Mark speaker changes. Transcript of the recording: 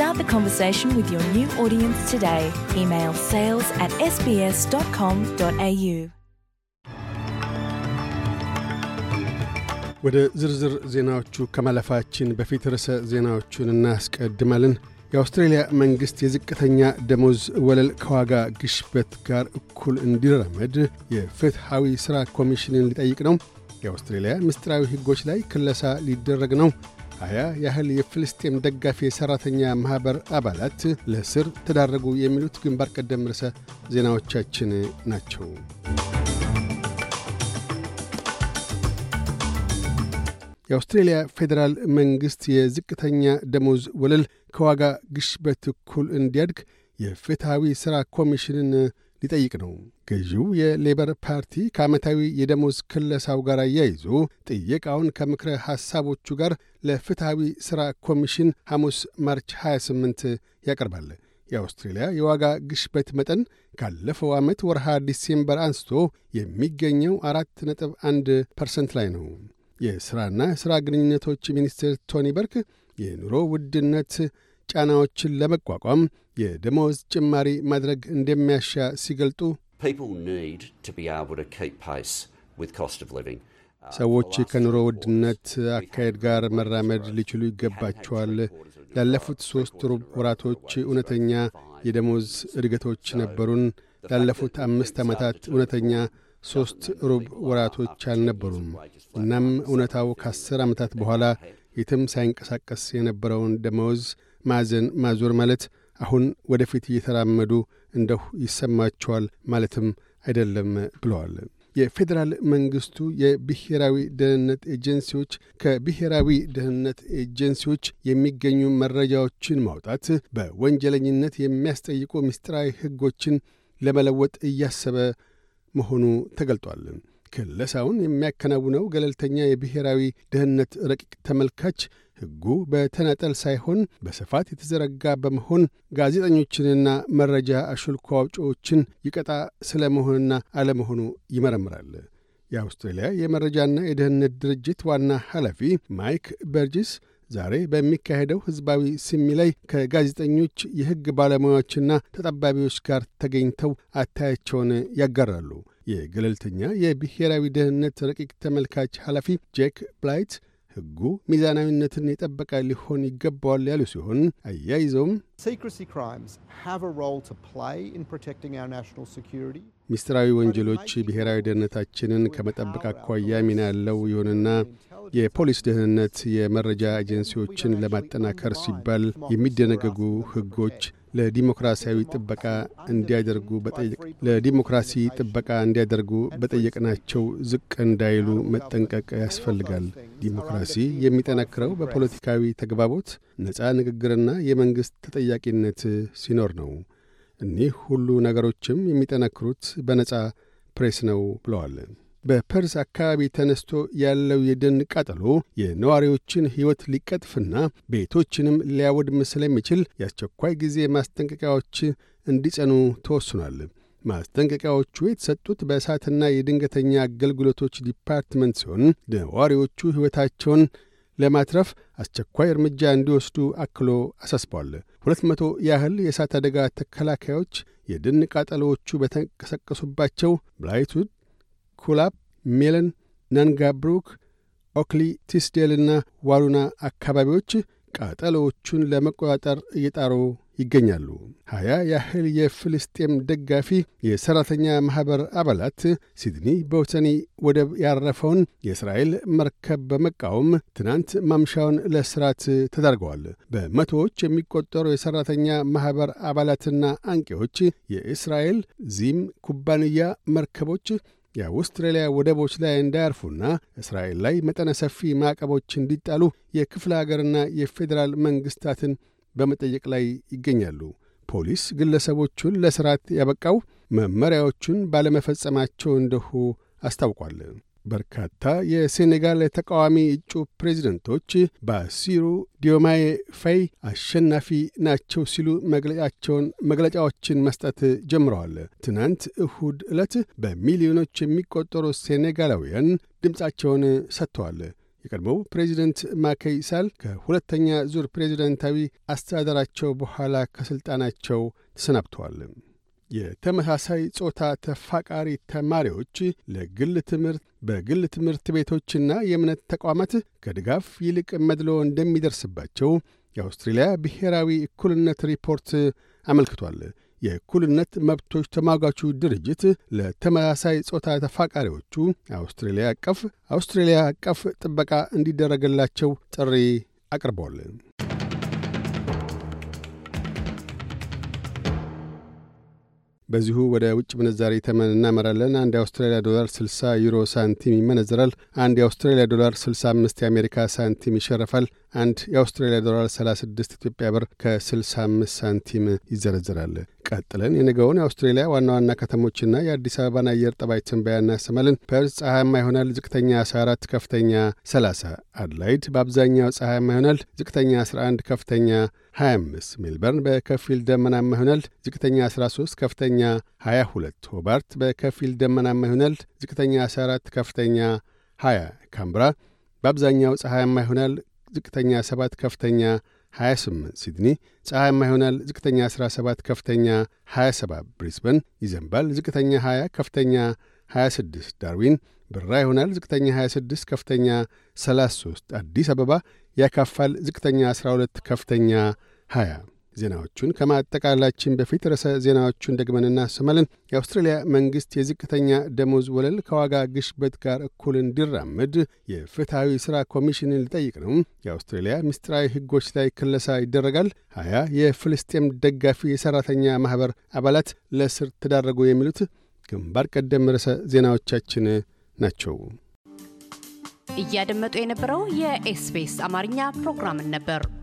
Speaker 1: Start the conversation with your new audience today. Email sales at sbs.com.au. ወደ ዝርዝር ዜናዎቹ ከማለፋችን በፊት ርዕሰ ዜናዎቹን እናስቀድማለን። የአውስትሬልያ መንግሥት የዝቅተኛ ደሞዝ ወለል ከዋጋ ግሽበት ጋር እኩል እንዲራመድ የፍትሐዊ ሥራ ኮሚሽንን ሊጠይቅ ነው። የአውስትሬልያ ምስጢራዊ ሕጎች ላይ ክለሳ ሊደረግ ነው። ሀያ ያህል የፍልስጤም ደጋፊ የሠራተኛ ማኅበር አባላት ለእስር ተዳረጉ የሚሉት ግንባር ቀደም ርዕሰ ዜናዎቻችን ናቸው። የአውስትሬልያ ፌዴራል መንግሥት የዝቅተኛ ደሞዝ ወለል ከዋጋ ግሽበት እኩል እንዲያድግ የፍትሐዊ ሥራ ኮሚሽንን ሊጠይቅ ነው። ገዢው የሌበር ፓርቲ ከዓመታዊ የደሞዝ ክለሳው ጋር አያይዞ ጥየቃውን ከምክረ ሐሳቦቹ ጋር ለፍትሐዊ ሥራ ኮሚሽን ሐሙስ ማርች 28 ያቀርባል። የአውስትሬልያ የዋጋ ግሽበት መጠን ካለፈው ዓመት ወርሃ ዲሴምበር አንስቶ የሚገኘው አራት ነጥብ አንድ ፐርሰንት ላይ ነው። የሥራና ሥራ ግንኙነቶች ሚኒስትር ቶኒ በርክ የኑሮ ውድነት ጫናዎችን ለመቋቋም የደሞዝ ጭማሪ ማድረግ እንደሚያሻ ሲገልጡ uh, ሰዎች ከኑሮ ውድነት አካሄድ ጋር መራመድ ሊችሉ ይገባቸዋል። ላለፉት ሦስት ሩብ ወራቶች እውነተኛ የደሞዝ እድገቶች ነበሩን። ላለፉት አምስት ዓመታት እውነተኛ ሦስት ሩብ ወራቶች አልነበሩም። እናም እውነታው ከአስር ዓመታት በኋላ የትም ሳይንቀሳቀስ የነበረውን ደመወዝ ማዕዘን ማዞር ማለት አሁን ወደፊት እየተራመዱ እንደሁ ይሰማቸዋል ማለትም አይደለም ብለዋል። የፌዴራል መንግስቱ የብሔራዊ ደህንነት ኤጀንሲዎች ከብሔራዊ ደህንነት ኤጀንሲዎች የሚገኙ መረጃዎችን ማውጣት በወንጀለኝነት የሚያስጠይቁ ምስጢራዊ ሕጎችን ለመለወጥ እያሰበ መሆኑ ተገልጧል። ክለሳውን የሚያከናውነው ገለልተኛ የብሔራዊ ደህንነት ረቂቅ ተመልካች ሕጉ በተናጠል ሳይሆን በስፋት የተዘረጋ በመሆን ጋዜጠኞችንና መረጃ አሹልኮ አውጪዎችን ይቀጣ ስለ መሆንና አለመሆኑ ይመረምራል። የአውስትሬልያ የመረጃና የደህንነት ድርጅት ዋና ኃላፊ ማይክ በርጅስ ዛሬ በሚካሄደው ሕዝባዊ ስሚ ላይ ከጋዜጠኞች የሕግ ባለሙያዎችና ተጠባቢዎች ጋር ተገኝተው አታያቸውን ያጋራሉ። የገለልተኛ የብሔራዊ ደህንነት ረቂቅ ተመልካች ኃላፊ ጄክ ብላይት ሕጉ ሚዛናዊነትን የጠበቀ ሊሆን ይገባዋል ያሉ ሲሆን አያይዘውም ሚስጥራዊ ወንጀሎች ብሔራዊ ደህንነታችንን ከመጠበቅ አኳያ ሚና ያለው ይሁንና የፖሊስ ደህንነት የመረጃ ኤጀንሲዎችን ለማጠናከር ሲባል የሚደነገጉ ሕጎች ለዲሞክራሲያዊ ጥበቃ እንዲያደርጉ በጠየቅ ለዲሞክራሲ ጥበቃ እንዲያደርጉ በጠየቅናቸው ዝቅ እንዳይሉ መጠንቀቅ ያስፈልጋል። ዲሞክራሲ የሚጠነክረው በፖለቲካዊ ተግባቦት፣ ነፃ ንግግርና የመንግሥት ተጠያቂነት ሲኖር ነው። እኒህ ሁሉ ነገሮችም የሚጠነክሩት በነፃ ፕሬስ ነው ብለዋል። በፐርስ አካባቢ ተነስቶ ያለው የደን ቃጠሎ የነዋሪዎችን ሕይወት ሊቀጥፍና ቤቶችንም ሊያወድም ስለሚችል የአስቸኳይ ጊዜ ማስጠንቀቂያዎች እንዲጸኑ ተወስኗል። ማስጠንቀቂያዎቹ የተሰጡት በእሳትና የድንገተኛ አገልግሎቶች ዲፓርትመንት ሲሆን ነዋሪዎቹ ሕይወታቸውን ለማትረፍ አስቸኳይ እርምጃ እንዲወስዱ አክሎ አሳስቧል። ሁለት መቶ ያህል የእሳት አደጋ ተከላካዮች የደን ቃጠሎዎቹ በተንቀሳቀሱባቸው ብላይትውድ ኩላፕ፣ ሜለን፣ ናንጋብሩክ፣ ኦክሊ፣ ቲስዴልና ዋሉና አካባቢዎች ቃጠሎዎቹን ለመቆጣጠር እየጣሩ ይገኛሉ። ሀያ ያህል የፍልስጤም ደጋፊ የሠራተኛ ማኅበር አባላት ሲድኒ በውሰኒ ወደብ ያረፈውን የእስራኤል መርከብ በመቃወም ትናንት ማምሻውን ለእስራት ተዳርገዋል። በመቶዎች የሚቆጠሩ የሠራተኛ ማኅበር አባላትና አንቂዎች የእስራኤል ዚም ኩባንያ መርከቦች የአውስትራሊያ ወደቦች ላይ እንዳያርፉና እስራኤል ላይ መጠነ ሰፊ ማዕቀቦች እንዲጣሉ የክፍለ አገርና የፌዴራል መንግሥታትን በመጠየቅ ላይ ይገኛሉ። ፖሊስ ግለሰቦቹን ለሥርዓት ያበቃው መመሪያዎቹን ባለመፈጸማቸው እንደሁ አስታውቋል። በርካታ የሴኔጋል ተቃዋሚ እጩ ፕሬዚደንቶች በሲሩ ዲዮማዬ ፋይ አሸናፊ ናቸው ሲሉ መግለጫቸውን መግለጫዎችን መስጠት ጀምረዋል። ትናንት እሁድ ዕለት በሚሊዮኖች የሚቆጠሩ ሴኔጋላውያን ድምፃቸውን ሰጥተዋል። የቀድሞው ፕሬዚደንት ማከይ ሳል ከሁለተኛ ዙር ፕሬዚደንታዊ አስተዳደራቸው በኋላ ከሥልጣናቸው ተሰናብተዋል። የተመሳሳይ ጾታ ተፋቃሪ ተማሪዎች ለግል ትምህርት በግል ትምህርት ቤቶችና የእምነት ተቋማት ከድጋፍ ይልቅ መድሎ እንደሚደርስባቸው የአውስትሬልያ ብሔራዊ እኩልነት ሪፖርት አመልክቷል። የእኩልነት መብቶች ተሟጋቹ ድርጅት ለተመሳሳይ ጾታ ተፋቃሪዎቹ አውስትሬልያ አቀፍ አውስትሬልያ አቀፍ ጥበቃ እንዲደረግላቸው ጥሪ አቅርበዋል። በዚሁ ወደ ውጭ ምንዛሪ ተመን እናመራለን። አንድ የአውስትራሊያ ዶላር 60 ዩሮ ሳንቲም ይመነዝራል። አንድ የአውስትራሊያ ዶላር 65 የአሜሪካ ሳንቲም ይሸረፋል። አንድ የአውስትራሊያ ዶላር 36 ኢትዮጵያ ብር ከ65 ሳንቲም ይዘረዝራል። ቀጥለን የነገውን የአውስትሬልያ ዋና ዋና ከተሞችና የአዲስ አበባን አየር ጠባይ ትንበያ እናሰማለን። ፐርስ ፀሐያማ ይሆናል። ዝቅተኛ 14፣ ከፍተኛ 30። አድላይድ በአብዛኛው ፀሐያማ ይሆናል። ዝቅተኛ 11፣ ከፍተኛ 25 ሜልበርን በከፊል ደመናማ ይሆናል። ዝቅተኛ 13 ከፍተኛ 22 ሆባርት በከፊል ደመናማ ይሆናል። ዝቅተኛ 14 ከፍተኛ 20 ካምብራ በአብዛኛው ፀሐያማ ይሆናል። ዝቅተኛ 7 ከፍተኛ 28 ሲድኒ፣ ፀሐያማ ይሆናል። ዝቅተኛ 17፣ ከፍተኛ 27 ብሪስበን፣ ይዘንባል። ዝቅተኛ 20፣ ከፍተኛ 26 ዳርዊን፣ ብራ ይሆናል። ዝቅተኛ 26፣ ከፍተኛ 33 አዲስ አበባ ያካፋል። ዝቅተኛ 12፣ ከፍተኛ 20 ዜናዎቹን ከማጠቃላችን በፊት ርዕሰ ዜናዎቹን ደግመን እናሰማለን። የአውስትራሊያ መንግሥት የዝቅተኛ ደሞዝ ወለል ከዋጋ ግሽበት ጋር እኩል እንዲራመድ የፍትሐዊ ሥራ ኮሚሽንን ሊጠይቅ ነው። የአውስትራሊያ ምስጢራዊ ሕጎች ላይ ክለሳ ይደረጋል። ሀያ የፍልስጤም ደጋፊ የሠራተኛ ማኅበር አባላት ለእስር ተዳረጉ። የሚሉት ግንባር ቀደም ርዕሰ ዜናዎቻችን ናቸው። እያደመጡ የነበረው የኤስቢኤስ አማርኛ ፕሮግራምን ነበር።